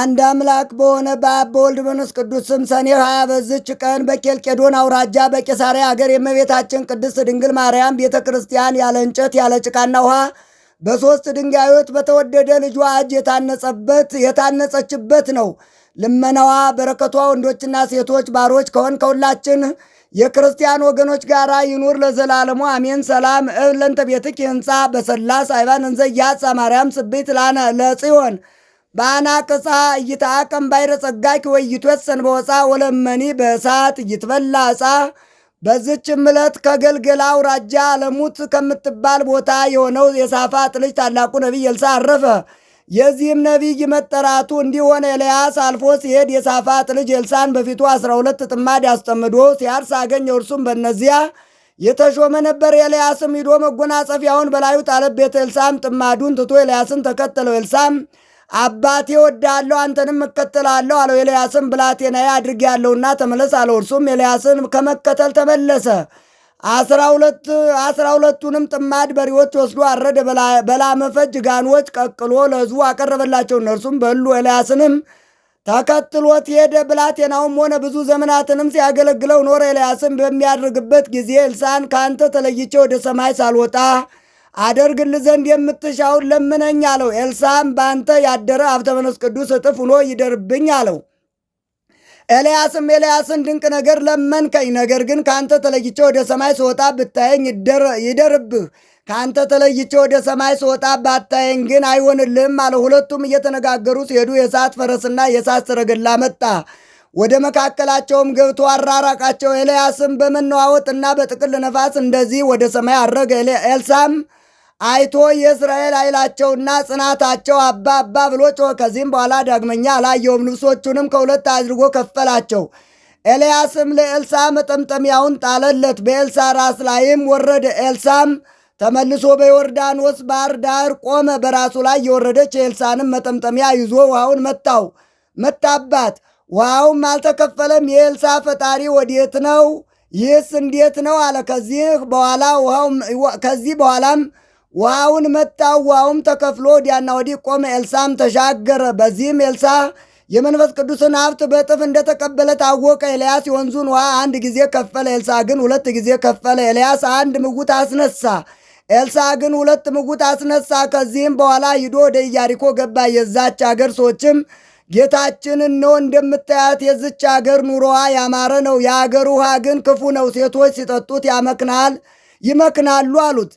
አንድ አምላክ በሆነ በአብ በወልድ በመንፈስ ቅዱስ ስም ሰኔ ሀያ በዝች ቀን በኬልቄዶን አውራጃ በቄሳሪያ አገር የእመቤታችን ቅድስት ድንግል ማርያም ቤተ ክርስቲያን ያለ እንጨት ያለ ጭቃና ውሃ በሦስት ድንጋዮች በተወደደ ልጇ እጅ የታነጸበት የታነጸችበት ነው። ልመናዋ በረከቷ ወንዶችና ሴቶች ባሮች ከሆን ከሁላችን የክርስቲያን ወገኖች ጋር ይኑር ለዘላለሙ አሜን። ሰላም እብ ለንተ ቤትኪ ህንፃ በሰላስ አይባን እንዘ ያጻ ማርያም ስብይት ለጽዮን በአናቅጻ እይትአቀም ባይረ ጸጋኪ ወይ ይትወሰን በወፃ ወለመኒ በእሳት ይትበላ ዕፃ። በዝችም ዕለት ከገልገላ አውራጃ አለሙት ከምትባል ቦታ የሆነው የሳፋጥ ልጅ ታላቁ ነቢይ ኤልሳዕ አረፈ። የዚህም ነቢይ መጠራቱ እንዲሆን ኤልያስ አልፎ ሲሄድ የሳፋጥ ልጅ ኤልሳዕን በፊቱ አስራ ሁለት ጥማድ አስጠምዶ ሲያርስ አገኘ። እርሱም በእነዚያ የተሾመ ነበር። ኤልያስም ሂዶ መጎናጸፊያውን በላዩ ጣለበት። ኤልሳዕም ጥማዱን ትቶ ኤልያስን ተከተለው። ኤልሳዕም አባቴ ወዳለሁ አንተንም እከተላለሁ አለው። ኤልያስም ብላቴናዬ ያለውና ተመለስ አለው። እርሱም ኤልያስን ከመከተል ተመለሰ። አስራ ሁለቱንም ጥማድ በሬዎች ወስዶ አረደ። በላመፈጅ ጋኖች ቀቅሎ ለሕዝቡ አቀረበላቸው። እነርሱም በሉ። ኤልያስንም ተከትሎት ሄደ። ብላቴናውም ሆነ ብዙ ዘመናትንም ሲያገለግለው ኖረ። ኤልያስም በሚያደርግበት ጊዜ ኤልሳዕን ከአንተ ተለይቼ ወደ ሰማይ ሳልወጣ አደርግል ዘንድ የምትሻውን ለምነኝ አለው። ኤልሳም በአንተ ያደረ ሀብተ መንፈስ ቅዱስ እጥፍ ሁኖ ይደርብኝ አለው። ኤልያስም ኤልያስን ድንቅ ነገር ለመንከኝ፣ ነገር ግን ከአንተ ተለይቼ ወደ ሰማይ ስወጣ ብታየኝ ይደርብህ፣ ከአንተ ተለይቼ ወደ ሰማይ ስወጣ ባታየኝ ግን አይሆንልህም አለ። ሁለቱም እየተነጋገሩ ሲሄዱ የእሳት ፈረስና የእሳት ሰረገላ መጣ። ወደ መካከላቸውም ገብቶ አራራቃቸው። ኤልያስም በመነዋወጥና በጥቅል ነፋስ እንደዚህ ወደ ሰማይ አረገ። ኤልሳም አይቶ የእስራኤል ኃይላቸውና ጽናታቸው አባ አባ ብሎ ጮኸ። ከዚህም በኋላ ዳግመኛ አላየውም። ልብሶቹንም ከሁለት አድርጎ ከፈላቸው። ኤልያስም ለኤልሳ መጠምጠሚያውን ጣለለት፣ በኤልሳ ራስ ላይም ወረደ። ኤልሳም ተመልሶ በዮርዳኖስ ባህር ዳር ቆመ። በራሱ ላይ የወረደች የኤልሳንም መጠምጠሚያ ይዞ ውሃውን መታው መታባት። ውሃውም አልተከፈለም። የኤልሳ ፈጣሪ ወዴት ነው? ይህስ እንዴት ነው አለ። ከዚህ በኋላ ከዚህ በኋላም ውሃውን መጣ ውሃውም ተከፍሎ ወዲያና ወዲህ ቆመ። ኤልሳም ተሻገረ። በዚህም ኤልሳ የመንፈስ ቅዱስን ሀብት በእጥፍ እንደተቀበለ ታወቀ። ኤልያስ የወንዙን ውሃ አንድ ጊዜ ከፈለ፣ ኤልሳ ግን ሁለት ጊዜ ከፈለ። ኤልያስ አንድ ምውት አስነሳ፣ ኤልሳ ግን ሁለት ምውት አስነሳ። ከዚህም በኋላ ሂዶ ወደ ኢያሪኮ ገባ። የዛች አገር ሰዎችም ጌታችን ነው እንደምታያት የዝች አገር ኑሮዋ ያማረ ነው፣ የአገር ውሃ ግን ክፉ ነው፣ ሴቶች ሲጠጡት ያመክናል ይመክናሉ አሉት።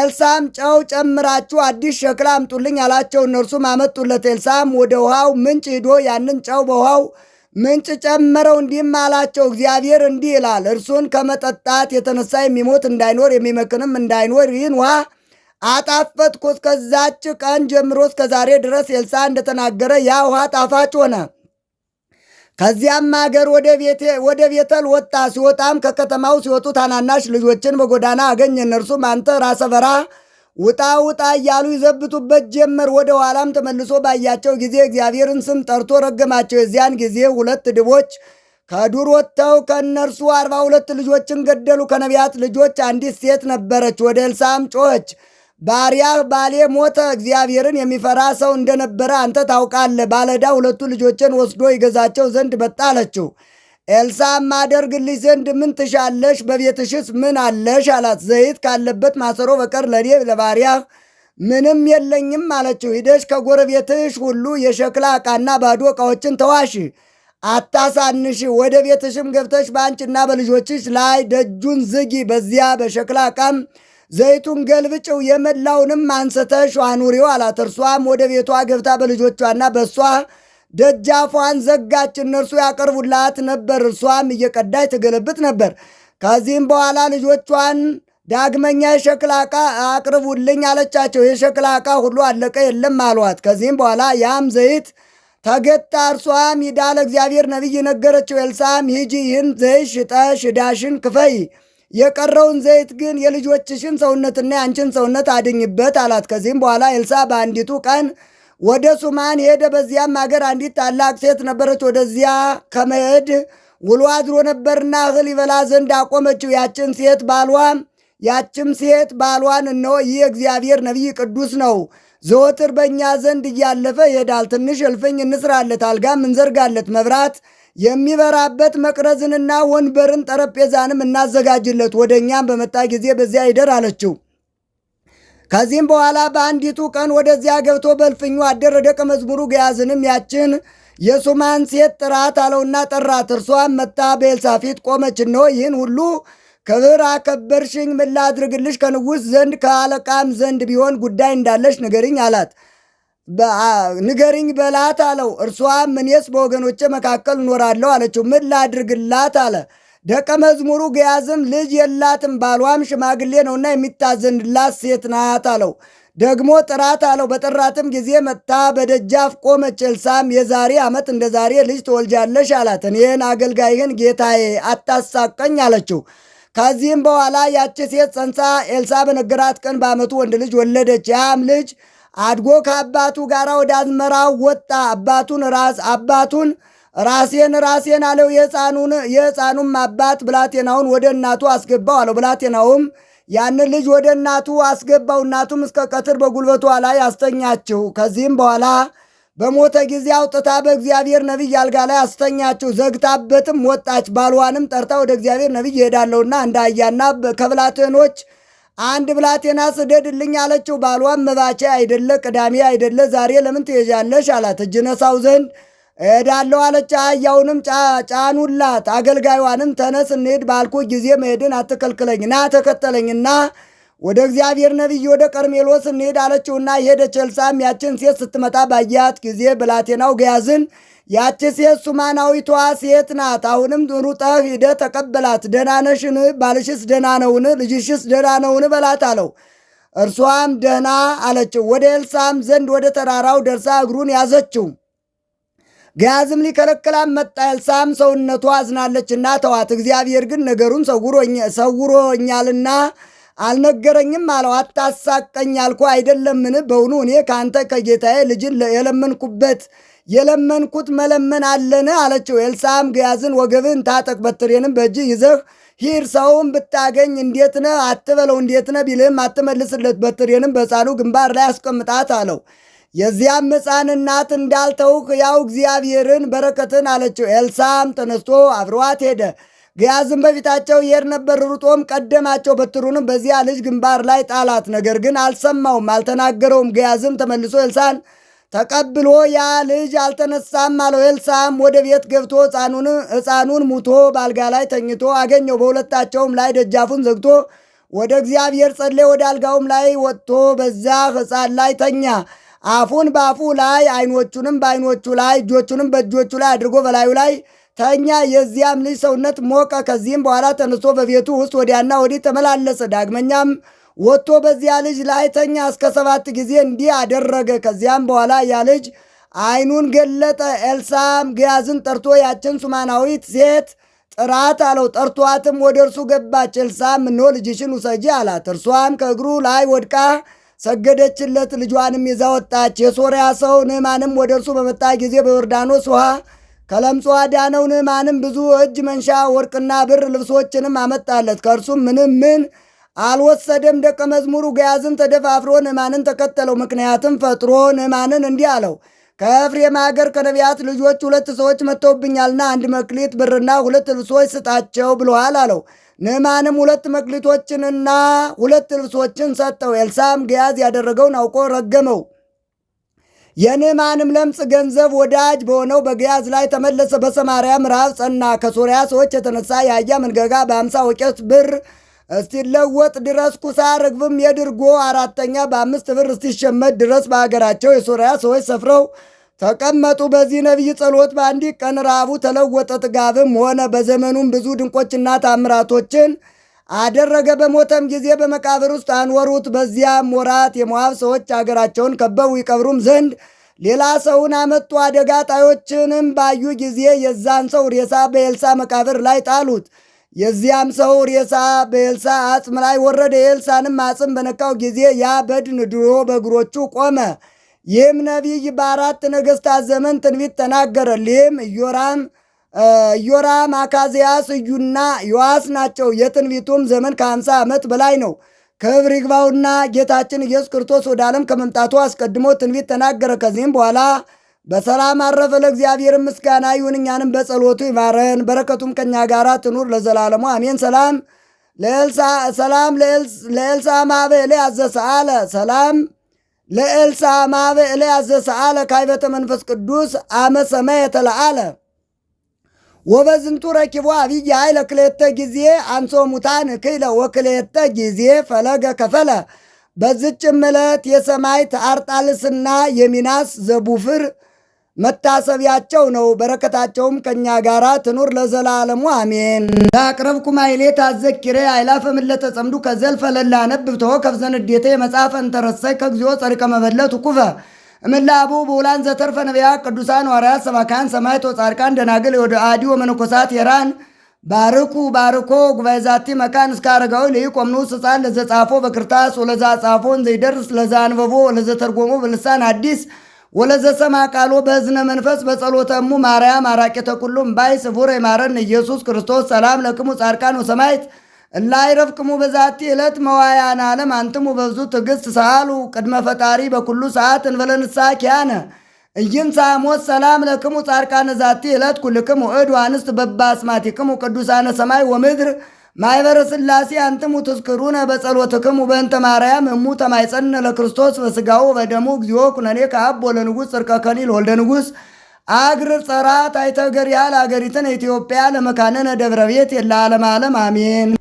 ኤልሳም ጨው ጨምራችሁ አዲስ ሸክላ አምጡልኝ አላቸው። እነርሱም አመጡለት። ኤልሳም ወደ ውሃው ምንጭ ሂዶ ያንን ጨው በውሃው ምንጭ ጨመረው። እንዲህም አላቸው፣ እግዚአብሔር እንዲህ ይላል፣ እርሱን ከመጠጣት የተነሳ የሚሞት እንዳይኖር የሚመክንም እንዳይኖር ይህን ውሃ አጣፈጥኩት። ከዛች ቀን ጀምሮ እስከ ዛሬ ድረስ ኤልሳ እንደተናገረ ያ ውሃ ጣፋጭ ሆነ። ከዚያም አገር ወደ ቤተል ወጣ። ሲወጣም ከከተማው ሲወጡ ታናናሽ ልጆችን በጎዳና አገኝ እነርሱም አንተ ራሰ በራ ውጣ ውጣ እያሉ ይዘብቱበት ጀመር። ወደ ኋላም ተመልሶ ባያቸው ጊዜ እግዚአብሔርን ስም ጠርቶ ረገማቸው። የዚያን ጊዜ ሁለት ድቦች ከዱር ወጥተው ከእነርሱ አርባ ሁለት ልጆችን ገደሉ። ከነቢያት ልጆች አንዲት ሴት ነበረች። ወደ ኤልሳም ጮኸች። ባሪያህ ባሌ ሞተ፣ እግዚአብሔርን የሚፈራ ሰው እንደነበረ አንተ ታውቃለህ። ባለዳ ሁለቱ ልጆችን ወስዶ ይገዛቸው ዘንድ መጣ አለችው። ኤልሳም ማደርግልሽ ዘንድ ምን ትሻለሽ? በቤትሽስ ምን አለሽ? አላት። ዘይት ካለበት ማሰሮ በቀር ለእኔ ለባሪያህ ምንም የለኝም አለችው። ሂደሽ ከጎረቤትሽ ሁሉ የሸክላ ዕቃና ባዶ ዕቃዎችን ተዋሽ፣ አታሳንሽ። ወደ ቤትሽም ገብተሽ በአንቺና በልጆችሽ ላይ ደጁን ዝጊ። በዚያ በሸክላ ዕቃም ዘይቱን ገልብጭው የመላውንም አንስተሽ አኑሪው አላት። እርሷም ወደ ቤቷ ገብታ በልጆቿና በእሷ ደጃፏን ዘጋች። እነርሱ ያቀርቡላት ነበር፣ እርሷም እየቀዳች ትገለብጥ ነበር። ከዚህም በኋላ ልጆቿን ዳግመኛ የሸክላ ዕቃ አቅርቡልኝ አለቻቸው። የሸክላ ዕቃ ሁሉ አለቀ፣ የለም አሏት። ከዚህም በኋላ ያም ዘይት ተገጣ። እርሷም ሂዳ ለእግዚአብሔር ነቢይ ነገረችው። ኤልሳም ሂጂ ይህን ዘይት ሽጠሽ ዕዳሽን ክፈይ የቀረውን ዘይት ግን የልጆችሽን ሰውነትና የአንቺን ሰውነት አድኝበት አላት። ከዚህም በኋላ ኤልሳ በአንዲቱ ቀን ወደ ሱማን ሄደ። በዚያም ሀገር አንዲት ታላቅ ሴት ነበረች። ወደዚያ ከመሄድ ውሎ አድሮ ነበርና እህል ይበላ ዘንድ አቆመችው። ያችን ሴት ባሏ ያችም ሴት ባልዋን እነሆ ይህ እግዚአብሔር ነቢይ ቅዱስ ነው፣ ዘወትር በእኛ ዘንድ እያለፈ ይሄዳል። ትንሽ እልፍኝ እንስራለት፣ አልጋም እንዘርጋለት፣ መብራት የሚበራበት መቅረዝንና ወንበርን ጠረጴዛንም እናዘጋጅለት፣ ወደ እኛም በመጣ ጊዜ በዚያ ይደር አለችው። ከዚህም በኋላ በአንዲቱ ቀን ወደዚያ ገብቶ በልፍኙ አደረ። ደቀ መዝሙሩ ገያዝንም ያችን የሱማን ሴት ጥራት አለውና ጠራት። እርሷን መታ በኤልሳፊት ቆመች። እነሆ ይህን ሁሉ ክብር አከበርሽኝ፣ ምን ላድርግልሽ? ከንጉሥ ዘንድ ከአለቃም ዘንድ ቢሆን ጉዳይ እንዳለሽ ንገሪኝ አላት። ንገሪኝ በላት አለው። እርሷም እኔስ በወገኖቼ መካከል እኖራለሁ አለችው። ምን ላድርግላት አለ። ደቀ መዝሙሩ ገያዝም ልጅ የላትም፣ ባሏም ሽማግሌ ነውና የሚታዘንላት ሴት ናት አለው። ደግሞ ጥራት አለው። በጠራትም ጊዜ መጥታ በደጃፍ ቆመች። ኤልሳም የዛሬ ዓመት እንደ ዛሬ ልጅ ትወልጃለሽ አላት። እኔን አገልጋይህን ጌታዬ አታሳቀኝ አለችው። ከዚህም በኋላ ያቺ ሴት ጸንሳ ኤልሳ በነገራት ቀን በዓመቱ ወንድ ልጅ ወለደች። ያም ልጅ አድጎ ከአባቱ ጋር ወደ አዝመራው ወጣ። አባቱን ራስ አባቱን ራሴን ራሴን አለው። የሕፃኑም አባት ብላቴናውን ወደ እናቱ አስገባው አለው። ብላቴናውም ያንን ልጅ ወደ እናቱ አስገባው። እናቱም እስከ ቀትር በጉልበቷ ላይ አስተኛችው። ከዚህም በኋላ በሞተ ጊዜ አውጥታ በእግዚአብሔር ነቢይ አልጋ ላይ አስተኛችው። ዘግታበትም ወጣች። ባልዋንም ጠርታ ወደ እግዚአብሔር ነቢይ ይሄዳለውና እንዳያና ከብላቴኖች አንድ ብላቴና ስደድልኝ አለችው። ባሏም መባቻ አይደለ ቅዳሜ አይደለ ዛሬ ለምን ትሄጃለሽ አላት። እጅ ነሳው ዘንድ እሄዳለሁ አለች። አህያውንም ጫኑላት። አገልጋዩንም ተነስ እንሄድ ባልኩ ጊዜ መሄድን አትከልክለኝ ና ተከተለኝና ወደ እግዚአብሔር ነቢይ ወደ ቀርሜሎስ እንሄድ አለችውና ሄደች። ኤልሳዕም ያችን ሴት ስትመጣ ባያት ጊዜ ብላቴናው ገያዝን ያቺ ሴት ሱማናዊቷ ሴት ናት። አሁንም ሩጠህ ሂደ ተቀበላት። ደህና ነሽን? ባልሽስ ደህና ነውን? ልጅሽስ ደህና ነውን? በላት አለው። እርሷም ደህና አለችው። ወደ ኤልሳም ዘንድ ወደ ተራራው ደርሳ እግሩን ያዘችው። ገያዝም ሊከለክላም መጣ። ኤልሳም ሰውነቷ አዝናለችና ተዋት፣ እግዚአብሔር ግን ነገሩን ሰውሮኛልና አልነገረኝም አለው። አታሳቀኝ አልኩ አይደለምን? በውኑ እኔ ከአንተ ከጌታዬ ልጅን የለመንኩበት የለመንኩት መለመን አለን አለችው። ኤልሳም ግያዝን ወገብን ታጠቅ፣ በትሬንም በእጅ ይዘህ ሂድ። ሰውም ብታገኝ እንዴት ነ አትበለው፣ እንዴት ነ ቢልህም አትመልስለት። በትሬንም በሕፃኑ ግንባር ላይ አስቀምጣት አለው። የዚያም ሕፃን እናት እንዳልተውህ ያው እግዚአብሔርን በረከትን አለችው። ኤልሳም ተነስቶ አብረዋት ሄደ። ግያዝም በፊታቸው ይሄድ ነበር፣ ሩጦም ቀደማቸው። በትሩንም በዚያ ልጅ ግንባር ላይ ጣላት። ነገር ግን አልሰማውም፣ አልተናገረውም። ግያዝም ተመልሶ ኤልሳን ተቀብሎ ያ ልጅ አልተነሳም አለው። ኤልሳም ወደ ቤት ገብቶ ሕፃኑን ሙቶ በአልጋ ላይ ተኝቶ አገኘው። በሁለታቸውም ላይ ደጃፉን ዘግቶ ወደ እግዚአብሔር ጸለየ። ወደ አልጋውም ላይ ወጥቶ በዛ ሕፃን ላይ ተኛ። አፉን በአፉ ላይ፣ አይኖቹንም በአይኖቹ ላይ፣ እጆቹንም በእጆቹ ላይ አድርጎ በላዩ ላይ ተኛ። የዚያም ልጅ ሰውነት ሞቀ። ከዚህም በኋላ ተነስቶ በቤቱ ውስጥ ወዲያና ወዲህ ተመላለሰ። ዳግመኛም ወጥቶ በዚያ ልጅ ላይ ተኛ እስከ ሰባት ጊዜ እንዲህ አደረገ። ከዚያም በኋላ ያ ልጅ ዓይኑን ገለጠ። ኤልሳም ገያዝን ጠርቶ ያችን ሱማናዊት ሴት ጥራት አለው። ጠርቷትም ወደ እርሱ ገባች። ኤልሳም እነሆ ልጅሽን ውሰጂ አላት። እርሷም ከእግሩ ላይ ወድቃ ሰገደችለት። ልጇንም ይዛ ወጣች። የሶርያ ሰው ንዕማንም ወደ እርሱ በመጣ ጊዜ በዮርዳኖስ ውሃ ከለምጹ አዳነው። ንዕማንም ብዙ እጅ መንሻ ወርቅና ብር ልብሶችንም አመጣለት። ከእርሱም ምንም ምን አልወሰደም። ደቀ መዝሙሩ ገያዝን ተደፋፍሮ ንዕማንን ተከተለው። ምክንያትም ፈጥሮ ንዕማንን እንዲህ አለው፣ ከኤፍሬም አገር ከነቢያት ልጆች ሁለት ሰዎች መጥተውብኛልና አንድ መክሊት ብርና ሁለት ልብሶች ስጣቸው ብለዋል አለው። ንዕማንም ሁለት መክሊቶችንና ሁለት ልብሶችን ሰጠው። ኤልሳም ገያዝ ያደረገውን አውቆ ረገመው። የንዕማንም ለምጽ ገንዘብ ወዳጅ በሆነው በገያዝ ላይ ተመለሰ። በሰማርያም ራብ ጸና። ከሶርያ ሰዎች የተነሳ የአህያ መንገጋ በአምሳ ወቄት ብር እስቲለወጥ ድረስ ኩሳ ርግብም የድርጎ አራተኛ በአምስት ብር እስቲሸመድ ድረስ በሀገራቸው የሶርያ ሰዎች ሰፍረው ተቀመጡ። በዚህ ነቢይ ጸሎት በአንዲ ቀን ረሃቡ ተለወጠ፣ ጥጋብም ሆነ። በዘመኑም ብዙ ድንቆችና ታምራቶችን አደረገ። በሞተም ጊዜ በመቃብር ውስጥ አንወሩት። በዚያም ወራት የሞዓብ ሰዎች አገራቸውን ከበው ይቀብሩም ዘንድ ሌላ ሰውን አመጡ። አደጋ ጣዮችንም ባዩ ጊዜ የዛን ሰው ሬሳ በኤልሳ መቃብር ላይ ጣሉት። የዚያም ሰው ሬሳ በኤልሳ አጽም ላይ ወረደ። የኤልሳንም አጽም በነካው ጊዜ ያ በድን ድሮ በእግሮቹ ቆመ። ይህም ነቢይ በአራት ነገሥታት ዘመን ትንቢት ተናገረ። ይህም ኢዮራም ኢዮራም፣ አካዝያስ፣ እዩና ዮአስ ናቸው። የትንቢቱም ዘመን ከአምሳ ዓመት በላይ ነው። ክብር ይግባውና ጌታችን ኢየሱስ ክርስቶስ ወደ ዓለም ከመምጣቱ አስቀድሞ ትንቢት ተናገረ። ከዚህም በኋላ በሰላም አረፈ። ለእግዚአብሔር ምስጋና ይሁን፣ እኛንም በጸሎቱ ይማረን፣ በረከቱም ከእኛ ጋር ትኑር ለዘላለሙ አሜን። ሰላም ሰላም ለኤልሳ ማበሌ አዘሰአለ ሰላም ለኤልሳ ማበሌ አዘሰአለ ካይበተ መንፈስ ቅዱስ አመ ሰማይ የተለአለ ወበዝንቱ ረኪቦ አብይ ኃይለ ጊዜ አንሶ ሙታን ክይለ ወክሌተ ጊዜ ፈለገ ከፈለ። በዝጭም ዕለት የሰማዕት አርጣልስና የሚናስ ዘቡፍር መታሰቢያቸው ነው። በረከታቸውም ከእኛ ጋር ትኑር ለዘላለሙ አሜን። ለአቅረብኩ ማይሌት ታዘኪረ አይላፈ ምለተ ጸምዱ ከዘልፈ ለላ ነብብቶ ከፍዘንዴተ የመጽሐፈ እንተረሰይ ከግዚኦ ጸሪቀ መበለት ኩፈ እምላቡ በውላን ዘተርፈ ነቢያ ቅዱሳን ዋርያ ሰባካን ሰማይቶ ጻድቃን ደናግል ወደ አዲ ወመነኮሳት የራን ባርኩ ባርኮ ጉባኤ ዛቲ መካን እስከ አረጋዊ ቆምኑ ስጻን ለዘጻፎ በክርታስ ወለዛ ጻፎን ዘይደርስ ለዛ አንበቦ ለዘተርጎሞ በልሳን አዲስ ወለዘሰማ ቃሎ በእዝነ መንፈስ በጸሎተሙ ማርያም አራቄተ ኩሉ እምባይ ስቡር የማረን ኢየሱስ ክርስቶስ ሰላም ለክሙ ጻድቃን ወሰማይት እላይረፍክሙ በዛቲ ዕለት መዋያን ዓለም አንትሙ በብዙ ትዕግሥት ሰአሉ ቅድመ ፈጣሪ በኩሉ ሰዓት እንበለ ንስሐ ኪያነ እይንሳ ሞት ሰላም ለክሙ ጻድቃነ ዛቲ ዕለት ኩልክሙ እድ አንስት በባስማቲክሙ ቅዱሳነ ሰማይ ወምድር ማይበረ ሥላሴ አንትሙ ትዝክሩነ በጸሎትክሙ በእንተ ማርያም እሙ ተማይጸንነ ለክርስቶስ በሥጋው በደሙ እግዚኦ ኩነኔ ከአብ ወለንጉሥ ጽርቀ ከሊል ወልደ ንጉሥ አግር ጸራት ታይተገር ያህል አገሪትን ኢትዮጵያ ለመካነነ ደብረ ቤት የለ ዓለም ዓለም አሜን።